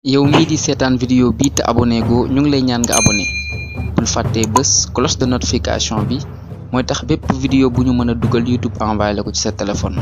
yow mii di seetaan te abonné ñu ngi lay ñaan nga abonné fàtte bés de notification bi mooy tax bépp bu ñu mën a dugal YouTube envoyé ko ci sa téléphone.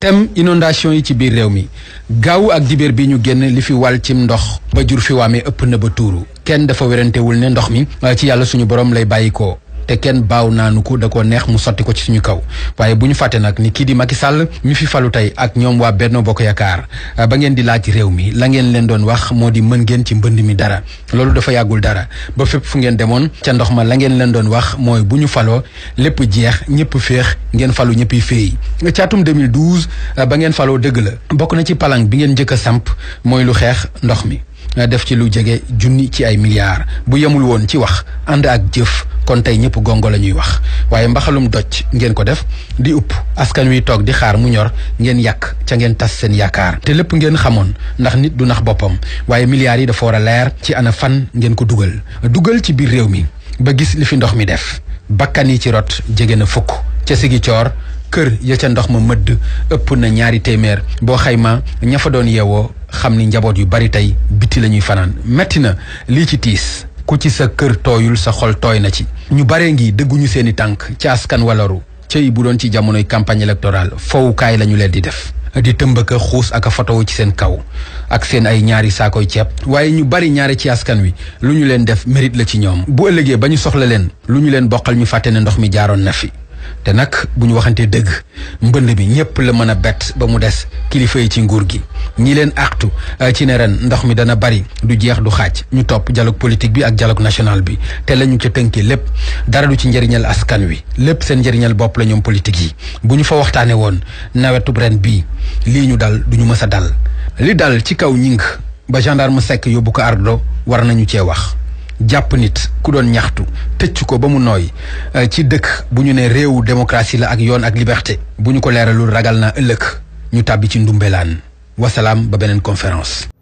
tem inondation yi ci biir réew mi gaaw ak dibeer bi ñu génn li fi wal cim ndox ba jur fi waamee ëpp na ba tuuru kenn dafa werantewul ne ndox mi ci yàlla suñu borom lay bàyyikoo te kenn baaw naanu ko da ko neex mu sotti ko ci suñu kaw waaye bu ñu fàtte nag ni kii di Macky Sall mi fi falu tey ak ñoom waa benn Bokk Yaakaar ah, ba ngeen di laaj réew mi la ngeen leen doon wax moo di mën ci mbënd mi dara loolu dafa yàggul dara ba fépp fu ngeen demoon ca ndox ma la ngeen leen doon wax mooy bu ñu faloo lépp jeex ñëpp féex ngeen falu ñëpp yi féey caatum 2012 ah, ba ngeen faloo dëgg la bokk na ci palang bi ngeen njëkk a samp mooy lu xeex ndox mi ah, def ci lu jege junni ci ay milliards bu yemul woon ci wax ànd ak jëf kon tay ñepp gongo la ñuy wax waye mbaxalum docc ngeen ko def di upp askan wi tok di xaar mu ñor ngeen yak ca ngeen tas seen yakar te lepp ngeen xamone ndax nit du nax bopam waye milliards yi dafa war leer ci ana fan ngeen ko dugal duggal ci bir rew mi ba gis li fi ndox mi def bakkan ci rot jege na fukk ci sigi cior keur ya ca ndox ma mëdd ëpp na ñaari témèr bo xayma ña fa doon yewoo xamni njabot yu bari tay biti lañuy metti ci ku ci sa kër tooyul sa xol tooy na ci ñu bare ngi dëgguñu seen i tànk ci askan walaru cëy bu doon ci jamonoy campagne électorale fowukaay lañu leen di def di tëmbaka xuus ak a fotowu ci seen kaw ak seen ay ñaari saakoy ceeb waaye ñu bari ñaari ci askan wi lu ñu leen def merit la ci ñoom bu ëllëgee ba ñu soxla leen lu ñu leen boqal ñu fàtte ne ndox mi jaaroon na fi te nag bu ñu waxantee dëgg mbënd bi ñëpp la mën a bett ba mu des kilifa yi ci nguur gi ñi leen àxtu euh, ci ne ren ndox mi dana bari du jeex du xaaj ñu topp dialogue politique bi ak dialogue national bi te la ñu ca tënkee lépp dara du ci njëriñal askan wi lépp seen njëriñal bopp la ñoom politique yi bu ñu fa waxtaanee woon nawetub ren bii lii ñu dal duñu ñu mës a dal li dal ci kaw ñing ba gendarme sekk yóbbu ko ardo war nañu cee wax jàpp nit ku doon ñaxtu tëcc ko ba mu nooy euh, ci dëkk bu ñu nee réewu démocratie la ak yoon ak liberté bu ñu ko leeralul ragal naa ëllëg ñu tàbbi ci ndumbelaan wasalaam ba beneen conférence